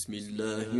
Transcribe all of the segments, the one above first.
Bismillahirrahmanirrahim.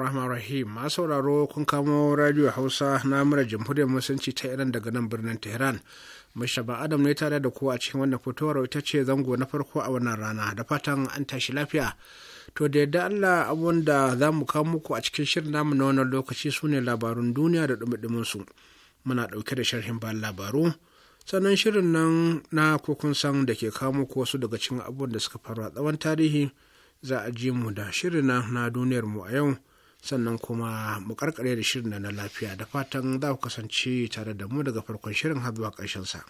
bismillahir rahim masu sauraro kun kamo radio hausa na mura jamhuriyar musulunci ta iran daga nan birnin tehran mashaba adam ne tare da kowa a cikin wannan fitowar ita ce zango na farko a wannan rana da fatan an tashi lafiya to da yadda allah abun da za mu kawo muku a cikin shirin namu na wannan lokaci su ne labarun duniya da dumi su muna ɗauke da sharhin bayan labaru sannan shirin nan na kokun san da ke kawo muku wasu daga cikin abubuwan da suka faru a tsawon tarihi za a ji mu da shirin na duniyar mu a yau sannan kuma mu karkare da shirin da na lafiya da fatan za ku kasance tare da mu daga farkon shirin har zuwa ƙarshen sa.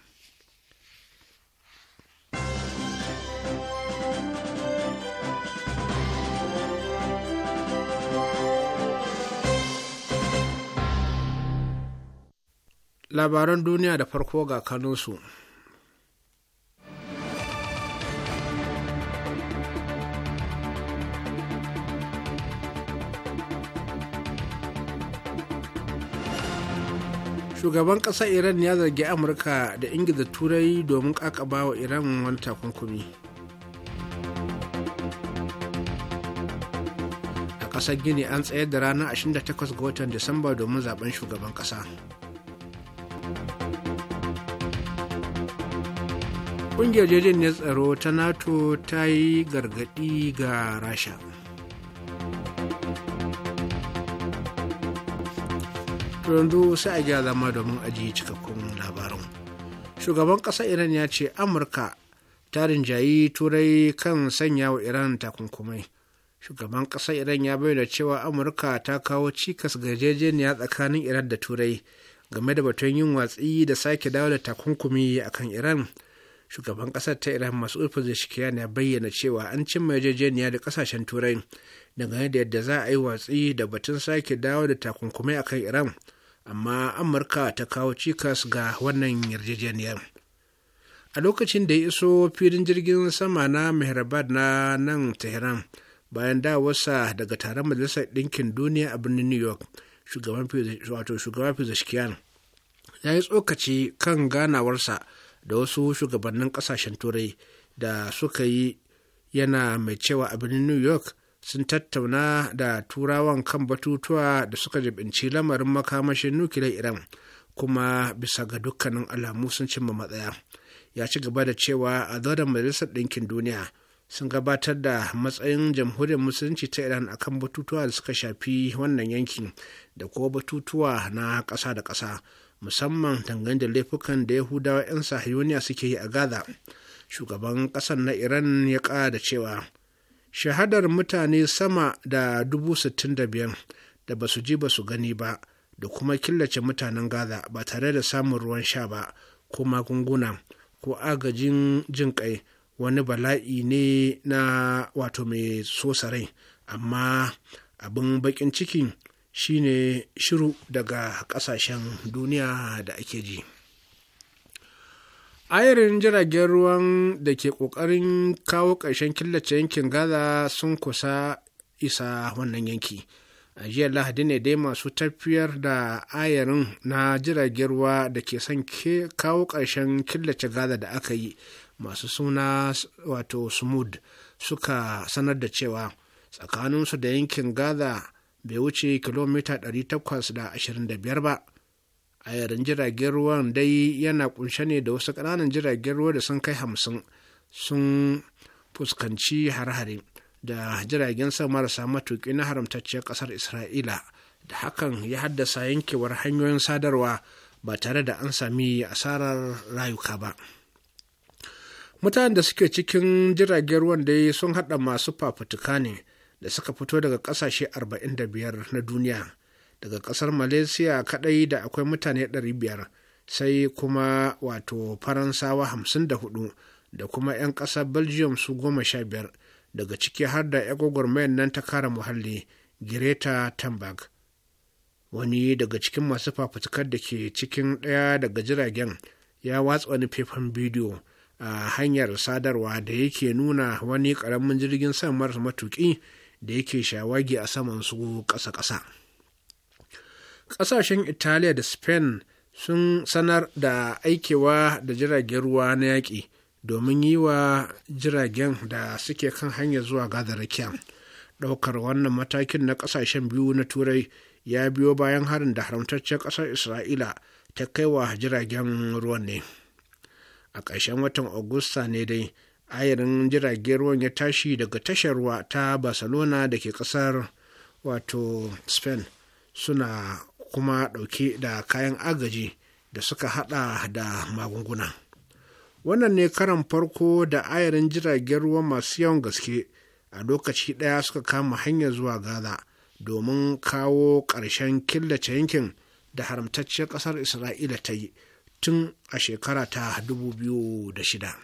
Labaran duniya da farko ga kanunsu. shugaban ƙasar iran ya zargi amurka da ingila turai domin kakaba wa iran wani takunkumi a ƙasar gini an tsayar da ranar 28 ga watan disamba domin zaben shugaban ƙasa ƙungiyar jirgin tsaro ta nato ta yi gargaɗi ga rasha yanzu sai a gyara zama domin ajiye cikakkun labarin shugaban ƙasar iran ya ce amurka ta rinjayi turai kan sanya wa iran takunkumai shugaban ƙasar iran ya bayyana cewa amurka ta kawo cikas ga tsakanin iran da turai game da batun yin watsi da sake dawo da takunkumi a kan iran shugaban ƙasar ta iran masu pezeshkian ya bayyana cewa an cimma yarjejeniya da ƙasashen turai dangane da yadda za a yi watsi da batun sake dawo da takunkumai a kan iran amma amurka ta kawo cikas ga wannan yarjejeniyar a lokacin da ya iso filin jirgin sama na mehrabad na nan tehran bayan dawarsa daga taron majalisar ɗinkin duniya a birnin new york shugaban wato shugaban ya yi tsokaci kan ganawarsa da wasu shugabannin ƙasashen turai da suka yi yana mai cewa a birnin new york sun tattauna da turawan kan batutuwa da suka jibinci lamarin makamashin nukiliyar iran kuma bisa ga dukkanin alamu sun cimma matsaya ya ci gaba da cewa a zauren majalisar ɗinkin duniya sun gabatar da matsayin jamhuriyar musulunci ta iran a kan batutuwa da suka shafi wannan yankin da kuma batutuwa na ƙasa da ƙasa musamman dangane da laifukan da yahudawa 'yan sahiyoniya suke yi a gaza shugaban ƙasar na iran ya ƙara da cewa shahadar mutane sama da dubu sittin da biyar da ba su ji ba su gani ba da kuma killace mutanen gaza ba tare da samun ruwan sha ba ko magunguna ko agajin jin kai wani bala'i ne na wato mai sosa rai amma abin bakin ciki shine shiru daga kasashen duniya da ake ji. ayarin jiragen ruwan da ke ƙoƙarin kawo ƙarshen killace yankin gaza sun kusa isa wannan yanki a jiya lahadi ne dai masu tafiyar da ayarin na jiragen ruwa da ke son kawo ƙarshen killace gaza da aka yi masu suna wato smooth suka sanar da cewa tsakaninsu da yankin gaza bai wuce kilomita 825 ba ayarin jiragen ruwan dai yana kunshe ne da wasu ƙananan jiragen ruwa da sun kai hamsin sun fuskanci har-hare da jiragen sama marasa matuƙi na haramtacciyar ƙasar isra'ila da hakan ya haddasa yankewar hanyoyin sadarwa ba tare da an sami asarar rayuka ba mutanen da suke cikin jiragen ruwan dai sun haɗa masu fafutuka ne da suka fito daga ƙasashe 45 na duniya daga ƙasar malaysia kaɗai da akwai mutane 500 sai kuma wato faransawa 54 da kuma 'yan ƙasar belgium su 15 daga ciki har da agogor mayan nan ta kara muhalli greta thunberg wani daga cikin masu fafutukar da ke cikin ɗaya daga jiragen ya watsa wani faifan bidiyo a hanyar sadarwa da yake nuna wani ƙaramin jirgin san matuki matuƙi da yake shawagi a saman su ƙasa-ƙasa. ƙasashen italiya da spain sun sanar da aikewa da jiragen ruwa na yaƙi domin yi wa jiragen da suke kan hanya zuwa gaza rakiya ɗaukar wannan matakin na ƙasashen biyu na turai ya biyo bayan harin da haramtaccen ƙasar isra'ila ta kai wa jiragen ruwan ne a ƙarshen watan agusta ne dai ayarin jiragen ruwan ya tashi daga tashar ruwa ta barcelona da ke ƙasar wato spain suna kuma ɗauke da kayan agaji da suka haɗa da magunguna wannan ne karan farko da ayarin jiragen ruwa masu yawan gaske a lokaci ɗaya suka kama hanyar zuwa gaza domin kawo ƙarshen killace yankin da haramtacciyar ƙasar isra'ila ta yi tun a shekara ta 2006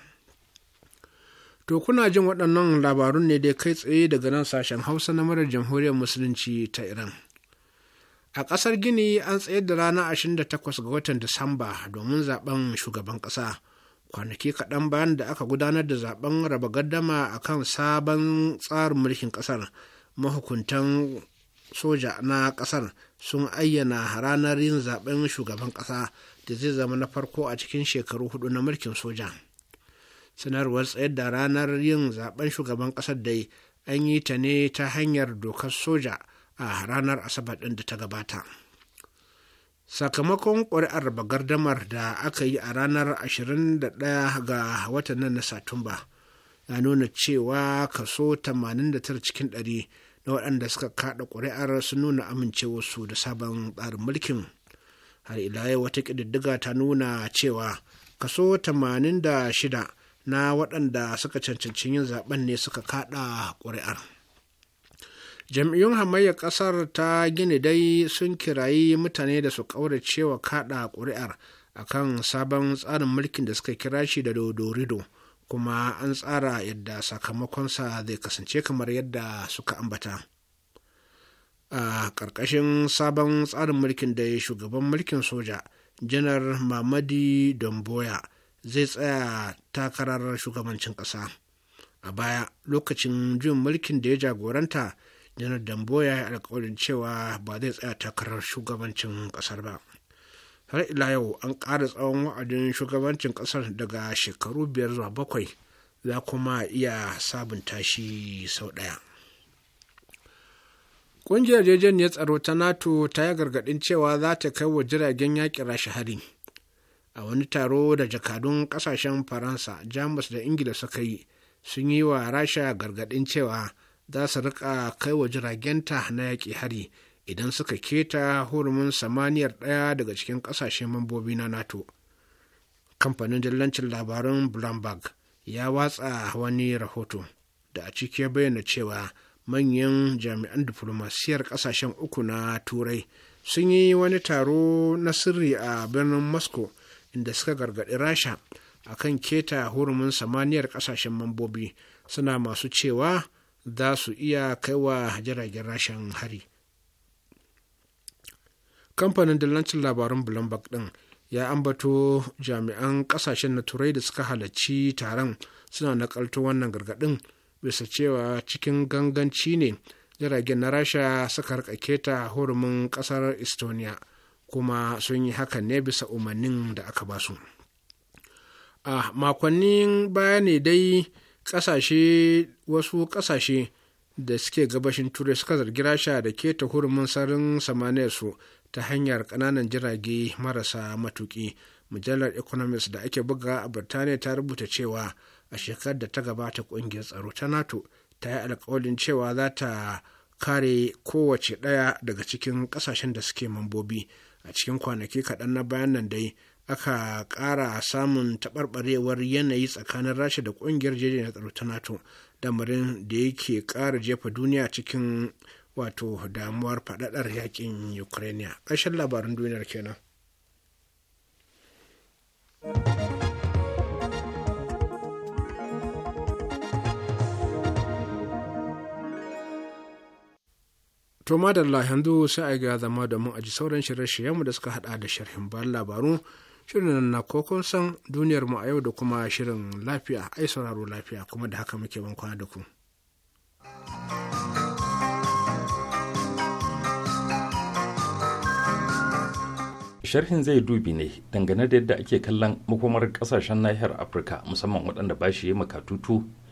to kuna jin waɗannan labarun ne dai kai tsaye daga nan sashen hausa na marar jamhuriyar musulunci ta iran a ƙasar gini an tsayar da rana 28 ga watan disamba domin zaben shugaban ƙasa kwanaki kaɗan bayan da aka gudanar da zaben raba gaddama a kan sabon tsarin mulkin ƙasar mahukuntan soja na ƙasar sun ayyana ranar yin zaben shugaban ƙasa da zai zama na farko a cikin shekaru hudu na mulkin soja sanarwar tsayar da ranar yin zaben shugaban ƙasar dai an yi ta ne ta hanyar dokar soja a ranar asabar ɗin da ta gabata sakamakon ƙuri'ar gardamar da aka yi a ranar 21 ga watan nan na satumba ya nuna cewa kaso 89 cikin 100 na waɗanda suka kaɗa ƙuri'ar sun nuna amincewarsu da sabon tsarin mulkin har ila yau wata ƙididdiga ta nuna cewa kaso 86 na waɗanda suka cancanci yin zaben ne suka kaɗa ƙuri'ar. jam'iyyun Hamayya ƙasar ta gini dai sun kirayi mutane da su ƙaurace wa kaɗa ƙuri'ar a kan sabon tsarin mulkin da suka kira shi da dodorido kuma an tsara yadda sakamakonsa zai kasance kamar yadda suka ambata a ƙarƙashin sabon tsarin mulkin da shugaban mulkin soja janar mamadi domboya zai tsaya takarar shugabancin ƙasa a baya lokacin jin mulkin da ya jagoranta janar dambo ya yi alkawarin cewa ba zai tsaya takarar shugabancin kasar ba har ila yau an ƙara tsawon wa'adin shugabancin kasar daga shekaru biyar zuwa bakwai za kuma iya sabunta shi sau ɗaya ƙungiyar ya tsaro ta nato ta yi gargaɗin cewa za ta kai wa jiragen yaƙin rashi hari a wani taro da jakadun ƙasashen faransa jamus da ingila suka yi sun yi wa rasha gargaɗin cewa za su rika kai wa jiragenta na yaƙi hari idan suka keta hurumin samaniyar ɗaya daga cikin ƙasashen mambobi na nato kamfanin dillancin labarun blamberg ya watsa wani rahoto da a ciki bayyana cewa manyan jami'an diflomasiyar ƙasashen uku na turai sun yi wani taro na sirri a birnin moscow inda suka gargaɗi rasha akan keta hurumin samaniyar ƙasashen mambobi suna masu cewa za su iya kaiwa jiragen rashin hari kamfanin dillancin labarun bloomberg ɗin ya ambato jami'an kasashen na turai da suka halarci taron suna nakalto wannan gargadin bisa cewa cikin ganganci ne jiragen na rasha suka rika keta hurumin kasar estonia kuma sun yi hakan ne bisa umarnin da aka basu a makonnin baya ne dai ƙasashe wasu ƙasashe da suke gabashin turai suka zargi rasha da keta hurumin sarin samaniyarsu ta hanyar ƙananan jirage marasa matuƙi mujallar economist da ake buga a birtaniya ta rubuta cewa a shekarar da ta gabata ƙungiyar tsaro ta nato ta yi alkawalin cewa za ta kare kowace ɗaya daga cikin ƙasashen da suke mambobi a cikin kwanaki kaɗan na bayan nan dai aka kara samun taɓarɓarewar yanayi tsakanin rasha da ƙungiyar na tsaro ta nato damarin da yake ƙara jefa duniya cikin wato damuwar faɗaɗar yaƙin ukraine ƙarshen labarin duniyar kenan To madalla yanzu sai a ga zama domin a ji sauran shirye-shiryenmu da suka hada da sharhin bayan labaru shirin nan na kokon san duniyar mu a yau da kuma shirin lafiya ai sauraro lafiya kuma da haka muke ban kwana da ku. sharhin zai dubi ne dangane da yadda ake kallon makomar kasashen nahiyar afirka musamman waɗanda ba shi yi makatutu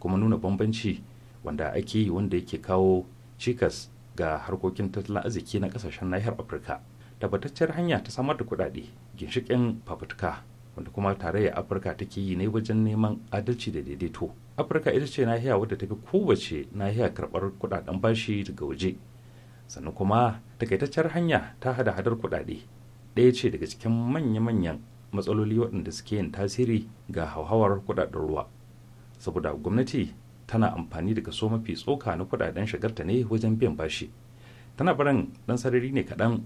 kuma nuna bambanci wanda ake yi wanda yake kawo cikas ga harkokin tattalin arziki na kasashen nahiyar afirka tabbataccen hanya ta samar da kuɗaɗe ginshiƙin fafutuka wanda kuma tarayyar afirka take yi ne wajen neman adalci da daidaito afirka ita ce nahiya wadda ta fi kowace nahiya karɓar kuɗaɗen bashi daga waje sannan kuma takaitaccen hanya ta hada hadar kuɗaɗe ɗaya ce daga cikin manya-manyan matsaloli waɗanda suke yin tasiri ga hauhawar kuɗaɗen ruwa saboda gwamnati tana amfani da kaso mafi tsoka na kudaden shagarta ne wajen biyan bashi tana barin dan sarari ne kaɗan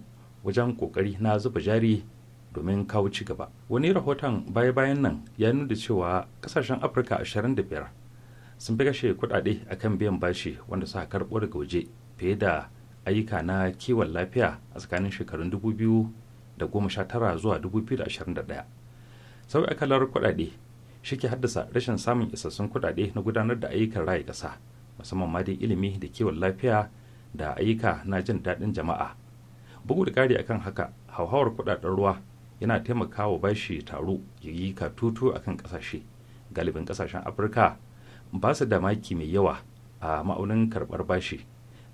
wajen kokari na zuba jari domin kawo ci gaba wani rahoton baya-bayan nan ya nuna cewa kasashen afirka 25 sun fi kashe kudade akan biyan bashi wanda suka karɓo daga waje fiye da ayyuka na kiwon lafiya a tsakanin shekarun 2019 zuwa 2021 sau kalar kudade shi ke haddasa rashin samun isassun kudade na gudanar da ayyukan raya ƙasa musamman ma dai ilimi da kiwon lafiya da ayyuka na jin daɗin jama'a bugu da ƙari akan haka hauhawar kudaden ruwa yana taimakawa bashi taro ya yi katutu akan ƙasashe galibin ƙasashen afirka ba su da maki mai yawa a ma'aunin karɓar bashi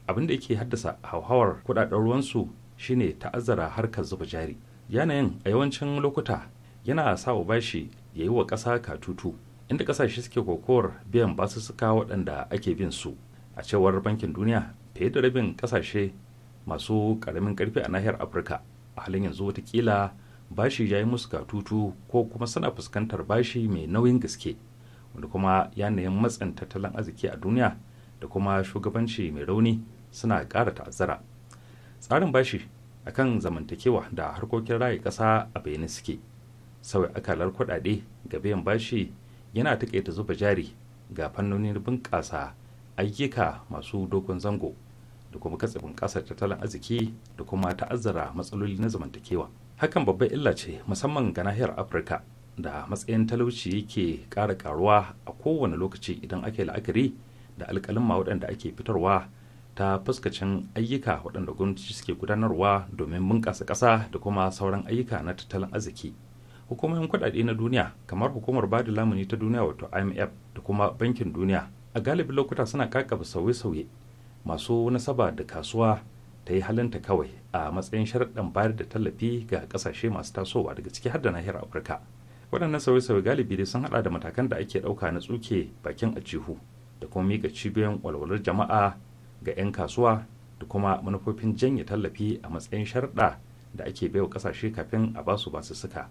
abin da yake haddasa hauhawar kudaden ruwansu shine ta'azzara harkar zuba jari yanayin a yawancin lokuta yana sa wa bashi ya yi wa ƙasa katutu inda ƙasashe suke kokowar biyan basussuka waɗanda ake bin su a cewar bankin duniya fiye da rabin ƙasashe masu ƙaramin ƙarfi a nahiyar afirka a halin yanzu watakila bashi ya yi musu katutu ko kuma suna fuskantar bashi mai nauyin gaske wanda kuma yanayin matsin tattalin arziki a duniya da kuma shugabanci mai rauni suna ƙara ta'azzara tsarin bashi akan zamantakewa da harkokin raye ƙasa a bayyane suke sauya akalar kuɗaɗe ga biyan bashi yana taƙaita zuba jari ga fannonin bunƙasa ayyuka masu dogon zango da kuma katse bunƙasa tattalin arziki da kuma ta'azzara matsaloli na zamantakewa hakan babbar illa ce musamman ga nahiyar afirka da matsayin talauci yake ƙara karuwa a kowane lokaci idan ake la'akari da alƙalin waɗanda ake fitarwa ta fuskacin ayyuka waɗanda gwamnati suke gudanarwa domin bunƙasa ƙasa da kuma sauran ayyuka na tattalin arziki hukumomin kuɗaɗe na duniya kamar hukumar bada lamuni ta duniya wato imf da kuma bankin duniya a galibi lokuta suna kakaba sauye-sauye masu nasaba da kasuwa ta yi halinta kawai a matsayin sharaɗin bayar da tallafi ga ƙasashe masu tasowa daga ciki har da nahiyar afirka waɗannan sauye-sauye galibi dai sun haɗa da matakan da ake ɗauka na tsuke bakin a cihu da kuma mika cibiyoyin walwalar jama'a ga 'yan kasuwa da kuma manufofin janye tallafi a matsayin sharaɗa da ake baiwa ƙasashe kafin a basu basu suka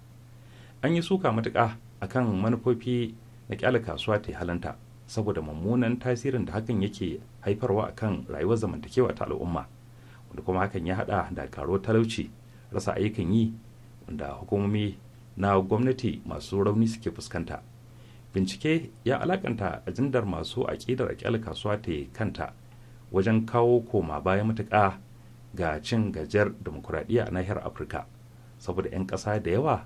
an yi suka matuƙa a kan manufofi na kyala kasuwa ta halanta saboda mummunan tasirin da hakan yake haifarwa a kan rayuwar zamantakewa ta al'umma wanda kuma hakan ya haɗa da karo talauci rasa ayyukan yi wanda hukumomi na gwamnati masu rauni suke fuskanta bincike ya alakanta ajindar masu aƙidar kyala kasuwa ta kanta wajen kawo koma baya matuƙa ga cin gajiyar demokuraɗiyya a nahiyar afirka saboda 'yan ƙasa da yawa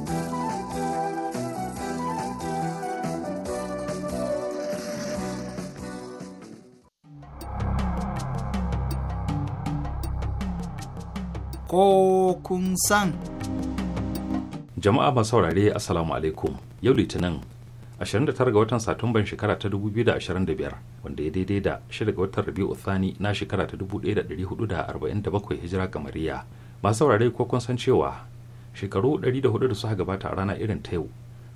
ko kun san. Jama'a masu saurare Assalamu alaikum yau Litinin 29 ga watan Satumban shekara ta 2025 wanda ya daidai da 6 ga watan Rabi'u Thani na shekara ta 1447 hijira kamariya. Masu saurare ko kun san cewa shekaru 104 da suka gabata a rana irin ta yau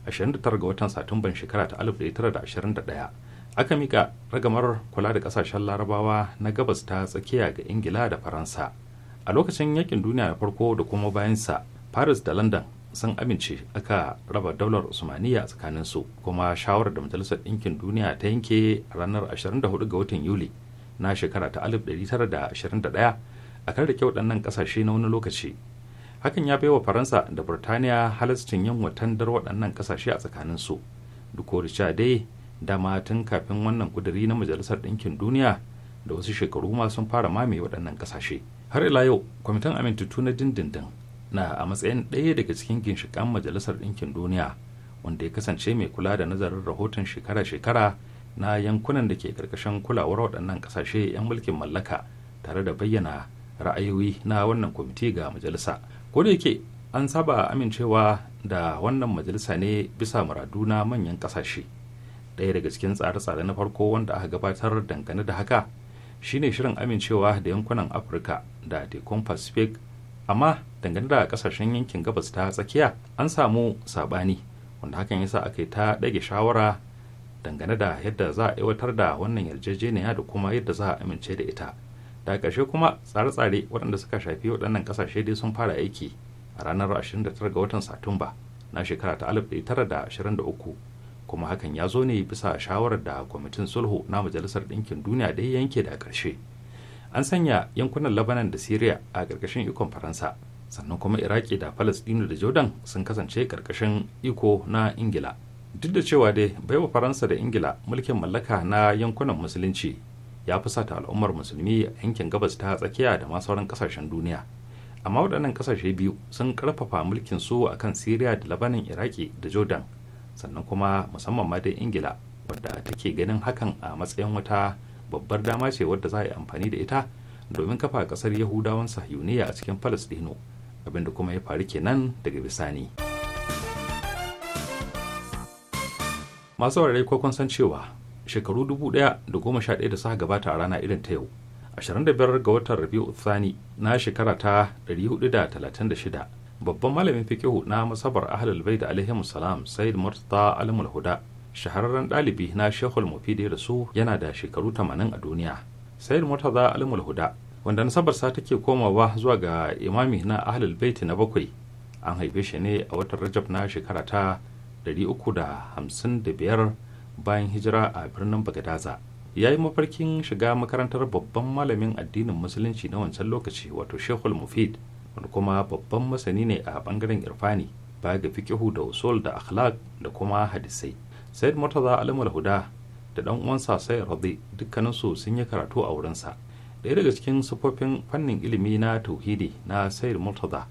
29 ga watan Satumban shekara ta 1921 aka mika ragamar kula da kasashen larabawa na gabas ta tsakiya ga ingila da faransa a lokacin yakin duniya na farko da kuma bayan sa paris da london sun amince aka raba daular usmaniya tsakanin su kuma shawarar da majalisar ɗinkin duniya ta yanke ranar 24 ga watan yuli na shekara ta 1921 a kan rike waɗannan ƙasashe na wani lokaci hakan ya bai wa faransa da burtaniya halascin yin watandar waɗannan ƙasashe a tsakanin su duk da dai dama tun kafin wannan kudiri na majalisar ɗinkin duniya da wasu shekaru ma sun fara mamaye waɗannan ƙasashe. har ila yau kwamitin amintattu na dindindin na a matsayin ɗaya daga cikin ginshikan majalisar ɗinkin duniya wanda ya kasance mai kula da nazarin rahoton shekara-shekara na yankunan da ke karkashin kulawar waɗannan ƙasashe 'yan mulkin mallaka tare da bayyana ra'ayoyi na wannan kwamiti ga majalisa ko da yake an saba amincewa da wannan majalisa ne bisa muradu na manyan ƙasashe ɗaya daga cikin tsare-tsare na farko wanda aka gabatar dangane da haka shine shirin amincewa da yankunan afirka da tekun pacific amma dangane da kasashen yankin gabas ta tsakiya an samu sabani wanda hakan yasa aka yi ta ɗage shawara dangane da yadda za a aiwatar da wannan yarjejeniya da kuma yadda za a amince da ita da ƙarshe kuma tsare-tsare waɗanda suka shafi waɗannan ƙasashe dai sun fara aiki a ranar 29 ga watan satumba na shekara ta 1923 kuma hakan ya zo ne bisa shawarar da kwamitin sulhu na majalisar ɗinkin duniya da yanke da ƙarshe an sanya yankunan labanan da syria a ƙarƙashin ikon faransa sannan kuma iraki da palestino da jordan sun kasance ƙarƙashin iko na ingila duk da cewa dai baiwa faransa da ingila mulkin mallaka na yankunan musulunci ya fi sata al'ummar musulmi a yankin gabas ta tsakiya da ma sauran kasashen duniya amma waɗannan kasashe biyu sun ƙarfafa mulkin su akan syria da labanin iraki da jordan sannan kuma musamman ma dai ingila wadda take ganin hakan a matsayin wata babbar dama ce wadda za a yi amfani da ita domin kafa kasar yahudawan sahiyuniya a cikin palestino abinda kuma ya faru kenan daga bisani masu warare ko kun san cewa shekaru dubu daya da goma sha da suka gabata a rana irin ta yau 25 ga watan rabiu thani na shekara ta 436 babban malamin fiqihu na masabar ahlul bait alaihim salam sayyid murtada alimul huda shahararren ɗalibi na shehul mufidi da su yana da shekaru 80 a duniya sayyid murtada alimul huda wanda nasabar sa take komawa zuwa ga imami na ahlul bait na bakwai an haife shi ne a watan rajab na shekara ta 355 bayan hijira a birnin bagadaza ya yi mafarkin shiga makarantar babban malamin addinin musulunci na wancan lokaci wato shehul mufid wani kuma babban masani ne a bangaren irfani ba ga fikihu da usul da akhlaq da kuma hadisai said murtaza alamul huda da dan uwansa sai radi dukkaninsu sun yi karatu a wurinsa ɗaya daga cikin sufofin fannin ilimi na tauhidi na said murtaza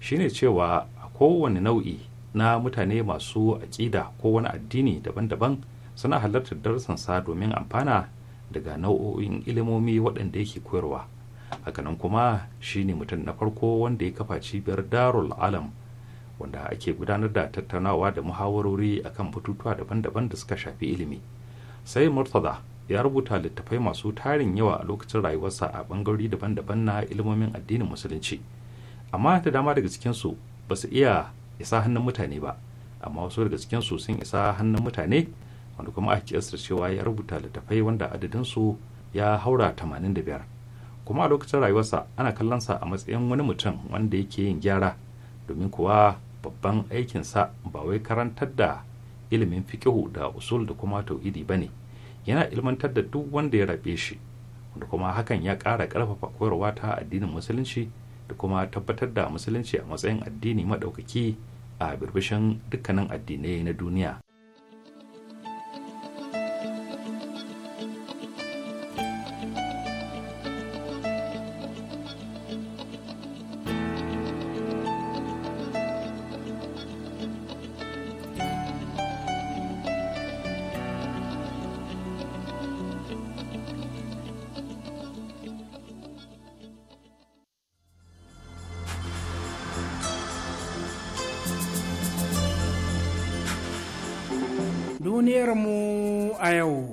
shine cewa a kowane nau'i na mutane masu aƙida ko wani addini daban-daban suna halartar darasansa domin amfana daga nau'o'in ilimomi waɗanda yake koyarwa nan kuma shine mutum na farko wanda ya kafa cibiyar darul alam wanda ake gudanar da tattaunawa da muhawarori akan batutuwa daban-daban da suka shafi ilimi sai murtaza ya rubuta littafai masu tarin yawa a lokacin rayuwarsa a bangarori daban-daban na ilimomin addinin musulunci amma da dama daga cikinsu ba su iya isa hannun mutane ba amma wasu daga cikinsu sun isa hannun mutane wanda kuma a cewa ya rubuta littafai wanda adadinsu ya haura 85 kuma a lokacin rayuwarsa ana kallonsa a matsayin wani mutum wanda yake yin gyara domin kuwa babban aikin sa ba wai karantar da ilimin fikihu da usul da kuma tauhidi ba ne yana ilmantar da duk wanda ya rabe shi wanda kuma hakan ya ƙara ƙarfafa koyarwa ta addinin musulunci da kuma tabbatar da musulunci a matsayin addini maɗaukaki a birbishin dukkanin addinai na duniya. mu a yau.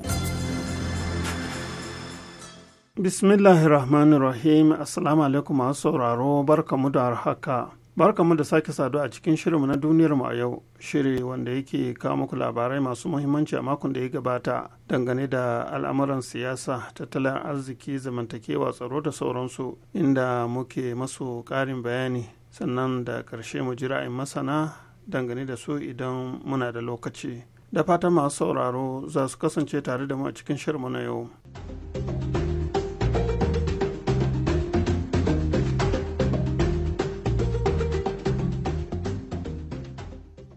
Rahim, Assalamu alaikum masu sauraro barkamu da haka. Barkamu da sake saduwa a cikin shirinmu na duniyarmu a yau, shiri wanda yake kawo muku labarai masu muhimmanci a makon da ya gabata dangane da al'amuran siyasa, tattalin arziki, zamantakewa, tsaro da sauransu inda muke masu ƙarin bayani sannan da ƙarshe mu jira'in masana dangane da su idan muna da lokaci. da fata masu sauraro za su kasance tare da mu a cikin shirmu na yau.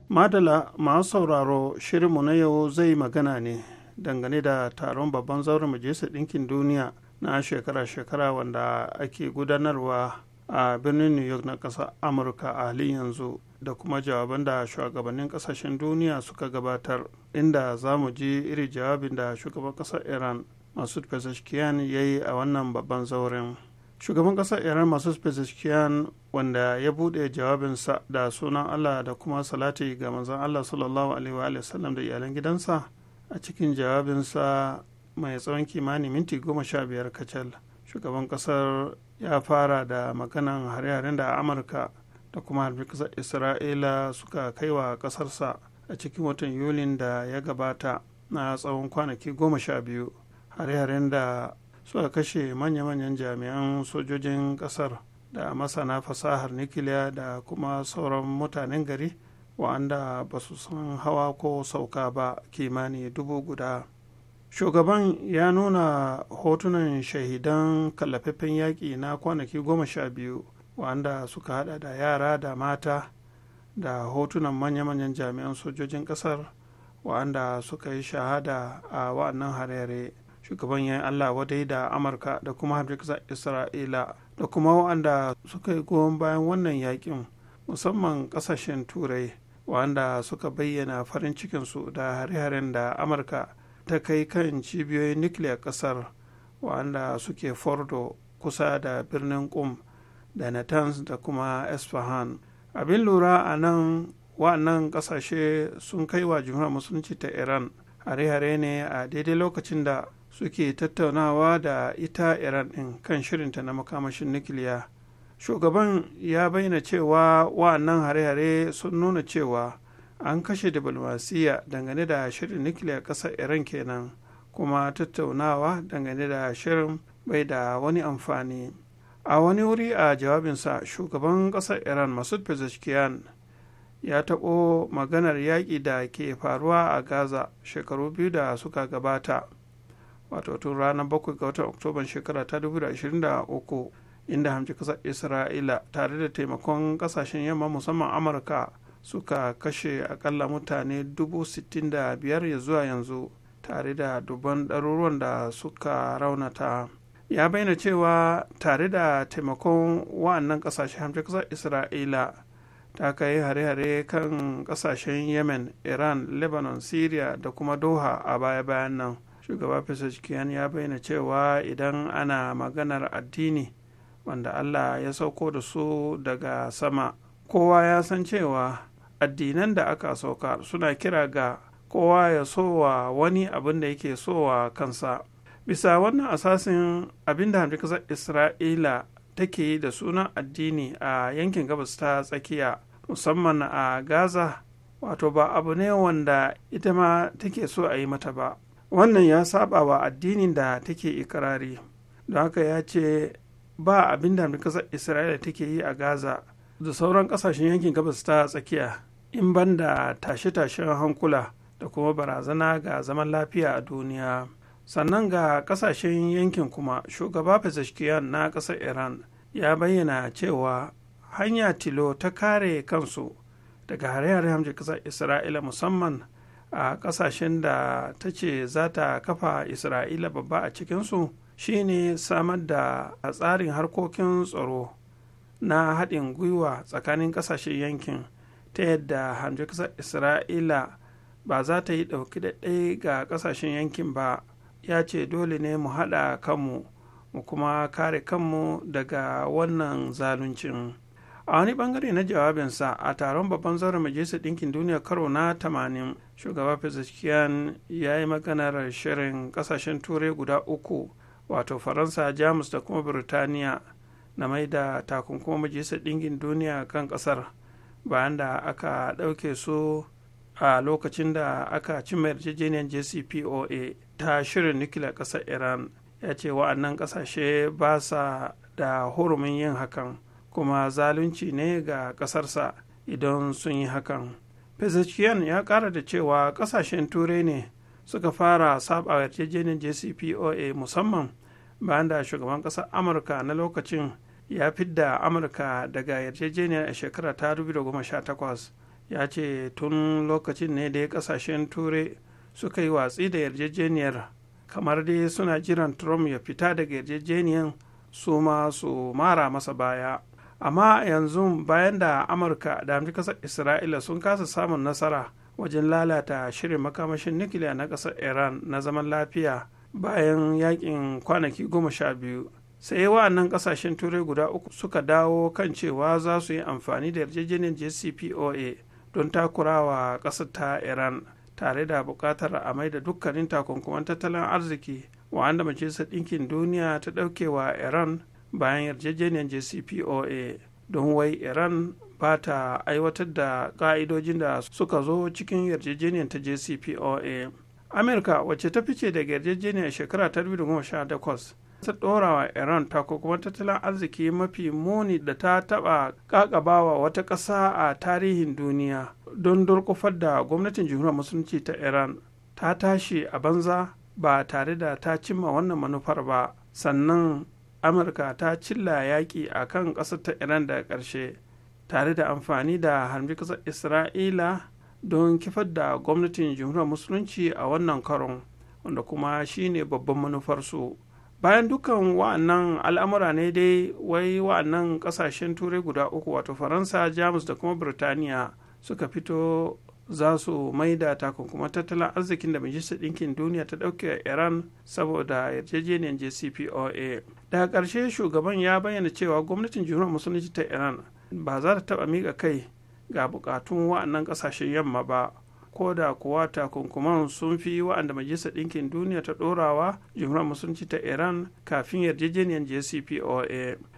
Madala masu sauraro shirinmu na yau zai magana ne dangane da taron babban zauren majalisar ɗinkin duniya na shekara-shekara wanda ake gudanarwa a birnin New York na ƙasar Amurka a halin yanzu. da kuma jawaban da shugabannin kasashen duniya suka gabatar inda za mu ji iri jawabin da shugaban kasar iran masu pezeshkian ya yi a wannan babban zauren shugaban kasar iran masu pezeshkian wanda ya buɗe jawabinsa da sunan allah da kuma salati ga manzon allah sallallahu alaihi wa sallam da iyalan gidansa a cikin jawabinsa mai tsawon kimani minti goma sha biyar kacal shugaban kasar ya fara da maganan hare-haren da amurka da kuma harbi kasar isra'ila suka kai wa ƙasarsa a cikin watan yulin da ya gabata na tsawon kwanaki goma sha biyu hare-haren da suka kashe manya-manyan jami'an sojojin kasar da masana fasahar nikiliya da kuma sauran mutanen gari wa'anda ba su san hawa ko sauka ba kimani dubu guda shugaban ya nuna hotunan shahidan kallafaffen yaƙi na kwanaki goma sha biyu wanda suka hada da yara da mata da hotunan manya-manyan jami'an sojojin kasar wa'anda suka yi shahada a wa'annan harere shugaban yayin allah wadai da amurka da kuma hamduksa isra'ila da kuma wa'anda suka yi goyon bayan wannan yakin musamman kasashen turai wa'anda suka bayyana farin cikinsu da hare-haren da amurka ta kai kan cibiyoyin nukiliyar kasar wa'anda suke fordo kusa da birnin kum da natanz da kuma isfahan abin lura a nan wa'annan kasashe sun kai wa jumhuriyar musulunci ta iran hare-hare ne a daidai lokacin da suke tattaunawa da ita iran din kan shirinta na makamashin nukiliya shugaban ya bayyana cewa wa'annan hare-hare sun nuna cewa an kashe diplomasiya dangane da shirin nukiliya ƙasar iran kenan kuma tattaunawa dangane da shirin bai da wani amfani a wani wuri a jawabinsa shugaban ƙasar iran masud pezeshkian ya taɓo maganar yaƙi da ke faruwa a gaza shekaru biyu da suka gabata wato tun ranar 7 ga watan oktoban shekara ta 2023 inda hamci ƙasar isra'ila tare da taimakon ƙasashen yamma musamman amurka suka kashe akalla mutane 65,000 ya zuwa yanzu tare da dubban ɗaruruwan da suka raunata. ya bayyana cewa tare da taimakon wa'annan kasashe hamshe kasar isra'ila ta kai hare-hare kan kasashen yemen iran lebanon syria da kuma doha a baya-bayan nan shugaba pezeshkian ya bayyana cewa idan ana maganar addini wanda allah ya sauko da su daga sama kowa ya san cewa addinan da aka sauka suna kira ga kowa ya sowa wani abin da yake sowa kansa bisa wannan asasin abinda hamdi kasar isra'ila take yi da sunan addini a yankin gabas ta tsakiya musamman a gaza wato ba abu ne wanda ita ma take so a yi mata ba wannan ya saba wa addinin da take ikirari don haka ya ce ba abin da kasar isra'ila take yi a gaza da sauran kasashen yankin gabas ta tsakiya in banda tashe-tashen hankula da kuma barazana ga zaman lafiya a duniya. sannan ga kasashen yankin kuma shugaba pezeshkian na ƙasar iran ya bayyana cewa hanya tilo ta kare kansu daga hare-hare hamji kasar isra'ila musamman a ƙasashen da ta ce za ta kafa isra'ila babba a cikinsu shine samar da a tsarin harkokin tsaro na haɗin gwiwa tsakanin ƙasashen yankin ta yadda hamji kasar isra'ila ba za ta yi ɗauki da ɗaya ga ƙasashen yankin ba ya ce dole ne mu haɗa kanmu mu kuma kare kanmu daga wannan zaluncin a wani bangare na jawabinsa a taron babban zauren majalisar ɗinkin duniya karo na 80 shugaba pezeshkian ya yi maganar shirin ƙasashen turai guda uku wato faransa jamus da kuma birtaniya na mai da takunkuma majalisar ɗinkin duniya kan ƙasar bayan da aka ɗauke su a lokacin da aka cimma yarjejeniyar jcpoa ta shirin nukiliyar ƙasar iran ya ce wa'annan ƙasashe ba sa da hurumin yin hakan kuma zalunci ne ga ƙasarsa idan sun yi hakan pezeshkian ya ƙara da cewa ƙasashen turai ne suka fara saba yarjejeniyar jcpoa musamman bayan da shugaban ƙasar amurka na lokacin ya fidda amurka daga yarjejeniyar a shekara ta 2018 ya ce tun lokacin ne dai ya ƙasashen turai suka yi watsi da yarjejeniyar kamar dai suna jiran trump ya fita daga yarjejeniyar su ma su mara masa baya amma yanzu bayan da amurka da amurka kasar isra'ila sun kasa samun nasara wajen lalata shirin makamashin nukiliya na kasar iran na zaman lafiya bayan yakin kwanaki goma sha biyu sai wa'annan kasashen turai guda uku suka dawo kan cewa za su yi amfani da yarjejeniyar jcpoa don takurawa kasar ta iran tare da bukatar a da dukkanin takunkuman tattalin arziki wanda majalisar ɗinkin duniya ta ɗaukewa iran bayan yarjejeniyar jcpoa don wai iran ba ta aiwatar da ƙa'idojin da suka zo cikin yarjejeniyar ta jcpoa amurka wacce ta fice daga yarjejeniyar shekara ta 2018 ta wa iran takunkuman tattalin arziki mafi muni da ta taɓa ƙaƙabawa wata ƙasa a tarihin duniya don durkufar da gwamnatin jihuna musulunci ta iran ta tashi a banza ba tare da ta cimma wannan manufar ba sannan amurka ta cilla yaƙi a kan ƙasar ta iran da ƙarshe tare da amfani da harbi ƙasar isra'ila don kifar da gwamnatin jihuna musulunci a wannan karon wanda kuma shine babban manufarsu bayan dukkan wa'annan al'amura ne dai wai wa'annan ƙasashen turai guda uku wato faransa jamus da kuma birtaniya suka fito za su maida takunkuma tattalin arzikin da majalisar ɗinkin duniya ta ɗauke a iran saboda yarjejeniyar jcpoa daga ƙarshe shugaban ya bayyana cewa gwamnatin jihuwar musulunci ta iran ba za ta taɓa miƙa kai ga buƙatun wa'annan ƙasashen yamma ba ko da kuwa takunkuman sun fi wa'anda majalisar ɗinkin duniya ta ɗorawa jihunan musulunci ta iran kafin yarjejeniyar jcpoa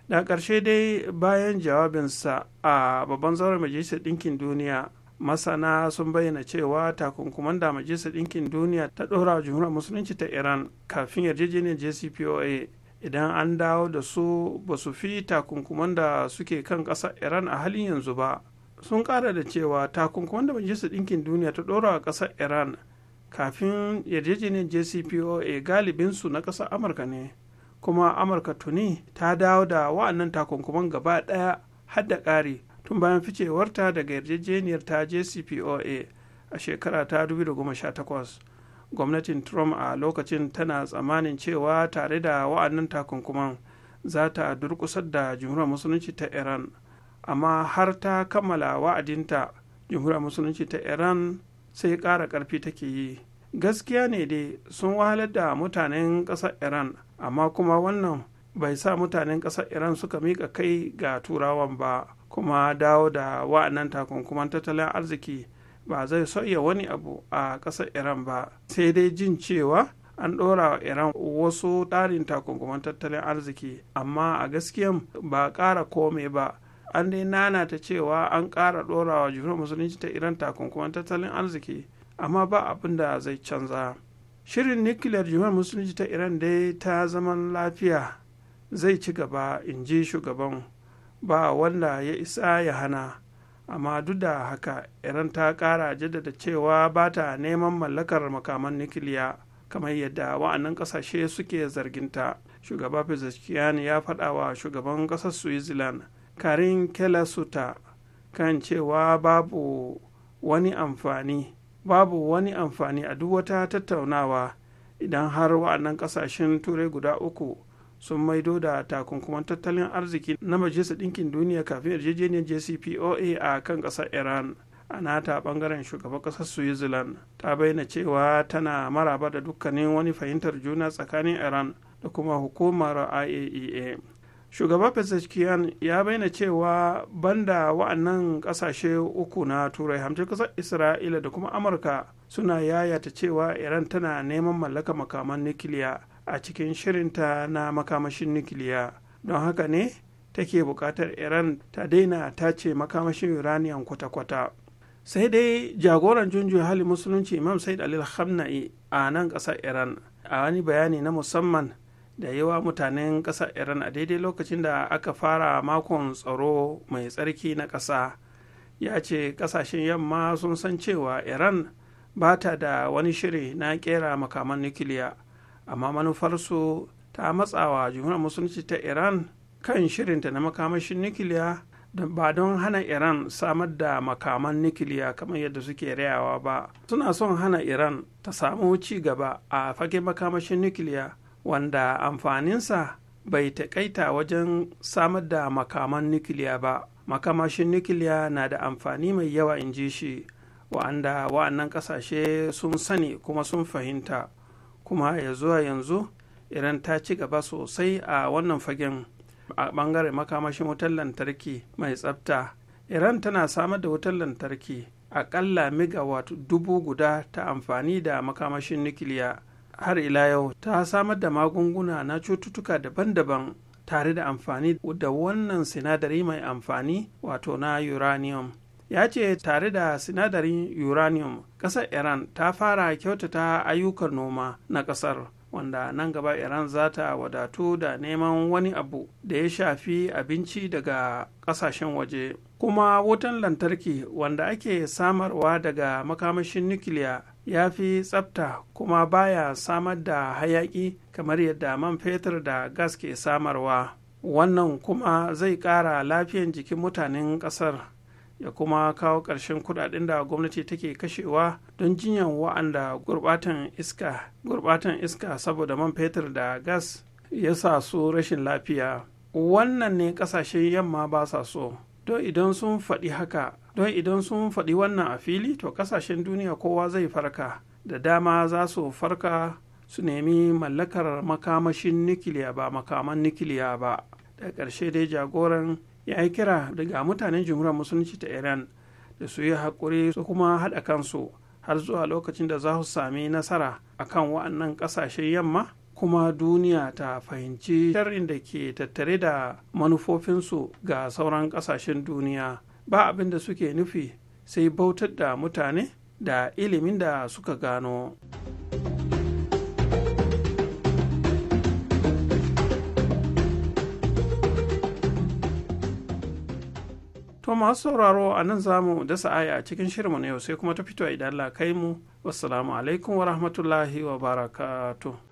da ƙarshe dai bayan jawabinsa a babban zauren majalisar ɗinkin duniya masana sun bayyana cewa takunkuman da majalisar ɗinkin duniya ta ɗora wa musulunci ta iran kafin yarjejeniyar jcpoa idan an dawo da su ba su fi takunkuman da suke kan ƙasa iran a halin yanzu ba sun ƙara da cewa takunkuman da majalisar ɗinkin duniya ta ɗora wa ƙasar iran kafin yarjejeniyar jcpoa galibinsu na ƙasar amurka ne kuma amurka tuni ta dawo da wa'annan takunkuman gaba ɗaya har da ƙari tun bayan ficewarta daga yarjejeniyar ta jcpoa a shekara ta 2018 gwamnatin trump a lokacin tana tsammanin cewa tare da wa'annan takunkuman za ta durkusar da jumhuriyar musulunci ta iran amma har ta kammala wa'adinta jumhuriyar musulunci ta iran sai ƙara ƙarfi take yi gaskiya ne dai sun wahalar da mutanen ƙasar iran amma kuma wannan bai sa mutanen ƙasar iran suka miƙa kai ga turawan ba kuma dawo da wa'annan takunkuman tattalin arziki ba zai sauya wani abu a ƙasar iran ba sai dai jin cewa an ɗora wa iran wasu ɗarin takunkuman tattalin arziki amma a gaskiyan ba ƙara kome ba an dai nanata cewa an ƙara ɗora wa musulunci ta iran takunkuman tattalin arziki amma ba abin da zai canza shirin nukiliyar jihar musulunci ta iran dai ta zaman lafiya zai ci gaba in ji shugaban ba wanda ya isa ya hana amma duk da haka iran ta kara jaddada cewa ba ta neman mallakar makaman nukiliya kamar yadda wa'annan kasashe suke zarginta shugaba pezeshkian ya faɗa wa shugaban ƙasar switzerland karin kelasuta kan cewa babu wani amfani babu wani amfani a duk wata tattaunawa idan har wa'annan ƙasashen turai guda uku sun maido da takunkuman tattalin arziki na majalisar ɗinkin duniya kafin yarjejeniyar jcpoa a kan ƙasar iran a nata ɓangaren shugaban ƙasar switzerland ta bayyana cewa tana maraba da dukkanin wani fahimtar juna tsakanin iran da kuma hukumar iaea e shugaba Pezeshkian ya bayyana cewa banda wa'annan kasashe uku na turai hamtar kasar isra'ila da kuma amurka suna yayata cewa iran tana neman mallaka makaman nukiliya a cikin shirinta na makamashin nukiliya don haka ne take bukatar iran ta daina tace makamashin uranium kwata-kwata sai dai jagoran junjun hali musulunci imam said alil a nan ƙasar iran a wani bayani na musamman da yawa mutanen ƙasar iran a daidai lokacin da aka fara makon tsaro mai tsarki na ƙasa ya ce ƙasashen yamma sun san cewa iran ba ta da wani shiri na kera makaman nukiliya amma manufarsu ta matsawa jumhuriyar musulunci ta iran kan shirinta na makamashin nukiliya ba don hana iran samar da makaman nukiliya kamar yadda suke rayawa ba suna son hana iran ta samu ci gaba a fagen makamashin nukiliya wanda amfaninsa bai taƙaita wajen samar da makaman nukiliya ba makamashin nukiliya na da amfani mai yawa in ji shi wa'anda wa'annan ƙasashe sun sani kuma sun fahimta kuma ya zuwa yanzu iran ta ci gaba sosai a wannan fagen a bangaren makamashin wutar lantarki mai tsabta iran tana samar da wutar lantarki aƙalla megawatt dubu guda ta amfani da makamashin nukiliya har ila yau ta samar da magunguna na cututtuka daban-daban tare da amfani da wannan sinadari mai amfani wato na uranium ya ce tare da sinadarin uranium ƙasar iran ta fara kyautata ayyukan noma na ƙasar wanda nan gaba iran za ta wadatu da neman wani abu da ya shafi abinci daga ƙasashen waje kuma wutan lantarki wanda ake samarwa daga makamashin nukiliya ya fi tsafta kuma baya samar da hayaƙi kamar yadda man fetur da gas ke samarwa wannan kuma zai ƙara lafiyan jikin mutanen ƙasar ya kuma kawo ƙarshen kudaden da gwamnati take kashewa don jinyan wa'anda gurbatan iska gurbatan iska saboda man fetur da gas ya sa su rashin lafiya wannan ne ƙasashen yamma ba sa so don idan sun faɗi haka don idan sun faɗi wannan a fili to ƙasashen duniya kowa zai farka da dama za su farka su nemi mallakar makamashin nukiliya ba makaman nukiliya ba da ƙarshe dai jagoran ya yi kira daga mutanen jumhuriyar musulunci ta iran da su yi haƙuri su kuma haɗa kansu har zuwa lokacin da za su sami nasara a kan wa'annan ƙasashen yamma kuma duniya ta fahimci sharrin da ke tattare da manufofinsu ga sauran ƙasashen duniya ba abin da suke nufi sai bautar da mutane da ilimin da suka gano to masu sauraro a nan zamu dasa aya cikin shirinmu na yau sai kuma ta fito idan Allah kai mu wassalamu alaikum wa rahmatullahi wa barakatuh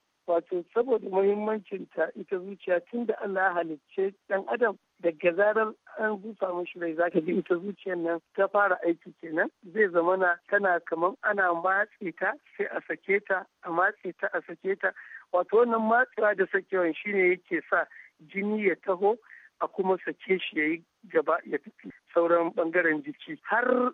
wato saboda ta ita zuciya tun da Allah ya halicce dan adam daga zarar an busa mashi rai zaka ji ita zuciyar nan ta fara aiki kenan zai zama na tana kamar ana matse ta sai a sake ta a matse ta a sake ta wato wannan matsewa da sakewan shine yake sa jini ya taho a kuma sake shi yayi gaba ya tafi sauran bangaren jiki har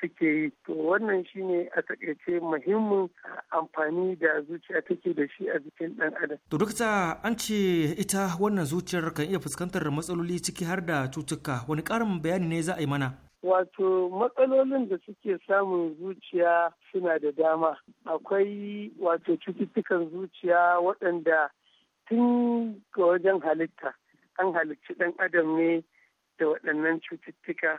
suke yi to wannan shine a takaice muhimmin amfani da zuciya take da shi a jikin dan adam to dokta an ce ita wannan zuciyar kan iya fuskantar matsaloli ciki har da cutuka wani karin bayani ne za a yi mana Wato matsalolin da suke samun zuciya suna da dama. Akwai wato cututtukan zuciya waɗanda tun ga wajen halitta an halicci ɗan adam ne da waɗannan cututtuka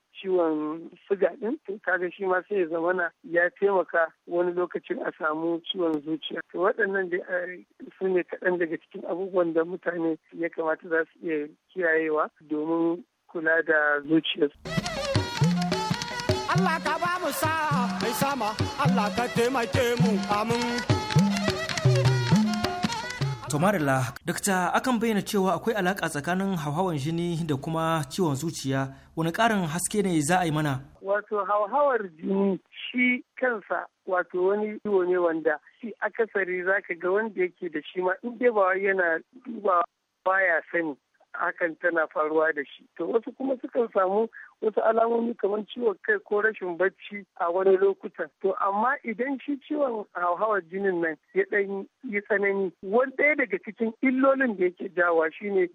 ciwon suga ɗin to kaga shi ma sai ya zamana ya taimaka wani lokacin a samu ciwon zuciya to waɗannan da eh, su ne kaɗan daga cikin abubuwan da mutane ya kamata za su iya kiyayewa domin kula da zuciyarsu. Allah ka ba mu sa'a mai sama Allah ka taimake mu amin Tomarilla, dokta akan bayyana cewa akwai alaƙa tsakanin hauhawar jini da kuma ciwon zuciya, wani karin haske ne za a yi mana? Wato hauhawar jini shi kansa wato wani ciwo ne wanda shi akasari ka ga wanda yake da shi ma in dai ba yana duba baya sani hakan tana faruwa da shi. To wasu kuma sukan samu wasu alamomi kamar ciwon kai ko rashin bacci a wani lokutan to amma idan shi ciwon hauhawar jinin nan ya dan yi tsanani wani ɗaya daga cikin illolin da yake jawa shine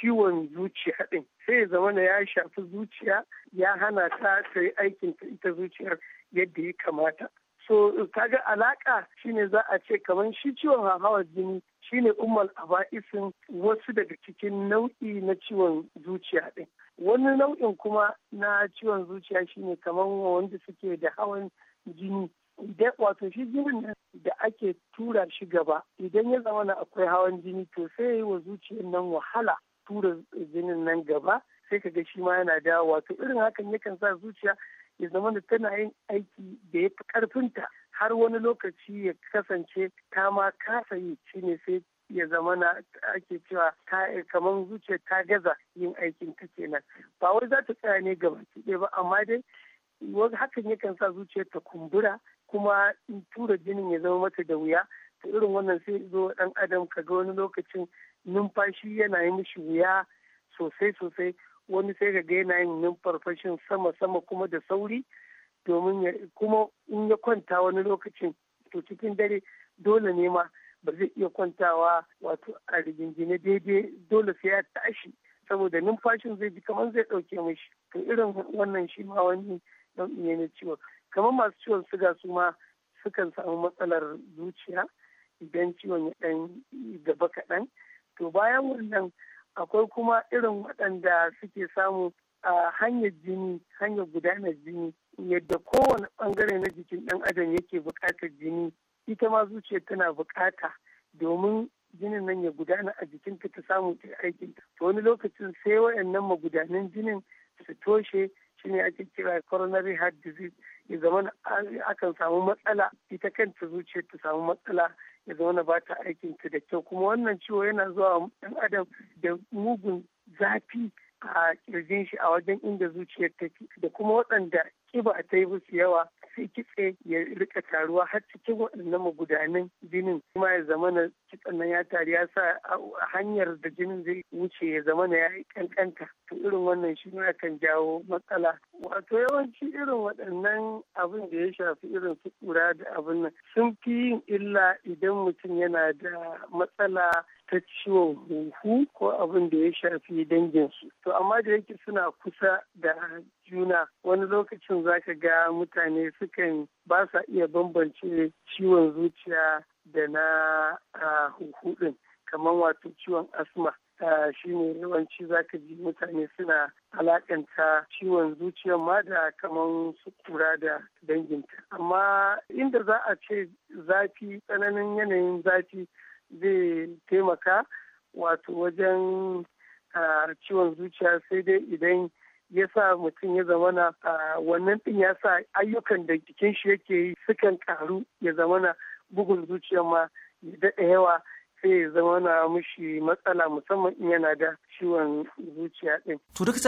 ciwon zuciya ɗin sai ya zama ya shafi zuciya ya hana ta ta yi aikin ta ita zuciyar yadda ya kamata so ga alaka shine za a ce kamar shi ciwon hauhawar jini shine umar ummal aba'isin wasu daga cikin nau'i na ciwon zuciya ɗin wani nau'in kuma na ciwon zuciya shine kamar wanda suke da hawan jini idan wato shi jinin da ake tura shi gaba idan ya zama na akwai hawan jini to sai ya yi wa zuciyar nan wahala tura jinin nan gaba sai ka ga shi ma yana dawo wato irin hakan yakan sa zuciya ya zama da tana yin aiki da ya fi karfinta har wani lokaci ya kasance ta ma kasa yi shine sai ya zama na ake cewa kamar zuciya ta gaza yin aikin ta kenan ba wai za ta tsaya ne gaba ɗaya ba amma dai hakan yakan sa zuciya ta kumbura kuma in tura jinin ya zama mata da wuya ta irin wannan sai zo dan adam ka ga wani lokacin numfashi yana yi mishi wuya sosai sosai wani sai ga yana yin numfarfashin sama sama kuma da sauri domin kuma in ya kwanta wani lokacin to cikin dare dole ne ma ba zai iya kwantawa wato a rigingine daidai dole sai ya tashi saboda numfashin zai ji kamar zai ɗauke mishi to irin wannan shi ma wani nau'i ne na ciwon kamar masu ciwon suga su ma sukan samu matsalar zuciya idan ciwon ya dan gaba kaɗan to bayan wannan akwai kuma irin waɗanda suke samu a hanyar jini hanyar gudanar jini yadda kowane ɓangare na jikin ɗan adam yake buƙatar jini ita ma zuciyar tana bukata domin jinin nan ya gudana a jikinta ta samu ta aikin to wani lokacin sai wayannan magudanan jinin su toshe shine ake kira coronary heart disease ya zama akan samu matsala ita kanta zuciyar ta samu matsala ya zama na bata aikin ta da kyau kuma wannan ciwo yana zuwa dan adam da mugun zafi a kirjin shi a wajen inda zuciyar take da kuma waɗanda kiba ta yi yawa sai kitse ya rika taruwa har cikin waɗannan magudanan jinin kuma ya zamana kitsen nan ya taru ya sa hanyar da jinin zai wuce ya zamana ya yi kankanta to irin wannan shi ne kan jawo matsala wato yawanci irin waɗannan abin da ya shafi irin su ƙura da abin nan sun fi yin illa idan mutum yana da matsala ta ciwon huhu ko abin da ya shafi danginsu to amma da yake suna kusa da juna wani lokacin zaka ga mutane sukan ba sa iya bambance ciwon zuciya da na ah, huhu ɗin kamar wato ciwon asma shine yawanci zaka ji mutane suna alakanta ciwon zuciyar ma da kamar su kura da danginta amma inda za a ce zafi tsananin yanayin zafi zai taimaka wato wajen ciwon zuciya sai dai idan ya sa mutum ya zamana wannan ɗin ya sa ayyukan da jikin shi yake yi sukan karu ya zamana bugun zuciya ma ya yawa sai ya zama na mushi matsala musamman in yana da ciwon zuciya ɗin. To daga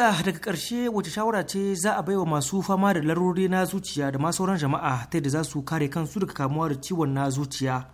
ƙarshe wace shawara ce za a baiwa masu fama da larurori na zuciya da ma sauran jama'a ta yadda za su kare kansu daga kamuwa da ciwon na zuciya.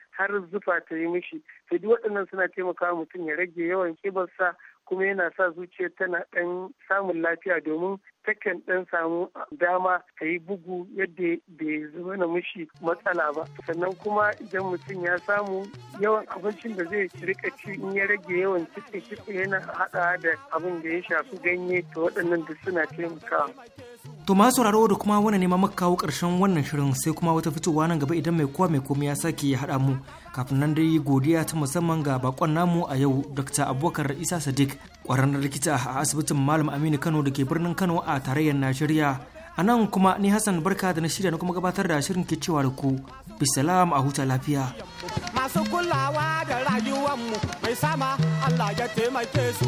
har zufa ta yi mishi sai duk waɗannan suna taimaka mutum ya rage yawan kibarsa kuma yana sa zuciya tana ɗan samun lafiya domin takan ɗan samu dama ka yi bugu yadda bai zama na mushi matsala ba sannan kuma idan mutum ya samu yawan abincin da zai rika ci in ya rage yawan kitse kitse yana haɗa da abin da ya shafi ganye ta waɗannan duk suna taimakawa. To masu sauraro da kuma wani neman maka kawo ƙarshen wannan shirin sai kuma wata fitowa nan gaba idan mai kowa mai komai ya sake ya haɗa mu. kafin nan dai godiya ta musamman ga bakon namu a yau dr abubakar isa sadiq kwararren likita a asibitin malam aminu kano da ke birnin kano a tarayyar najeriya a nan kuma ni hassan barka da na shirya na kuma gabatar da shirin ke cewa da ku bisalam a huta lafiya masu kulawa da rayuwanmu mai sama allah ya taimake su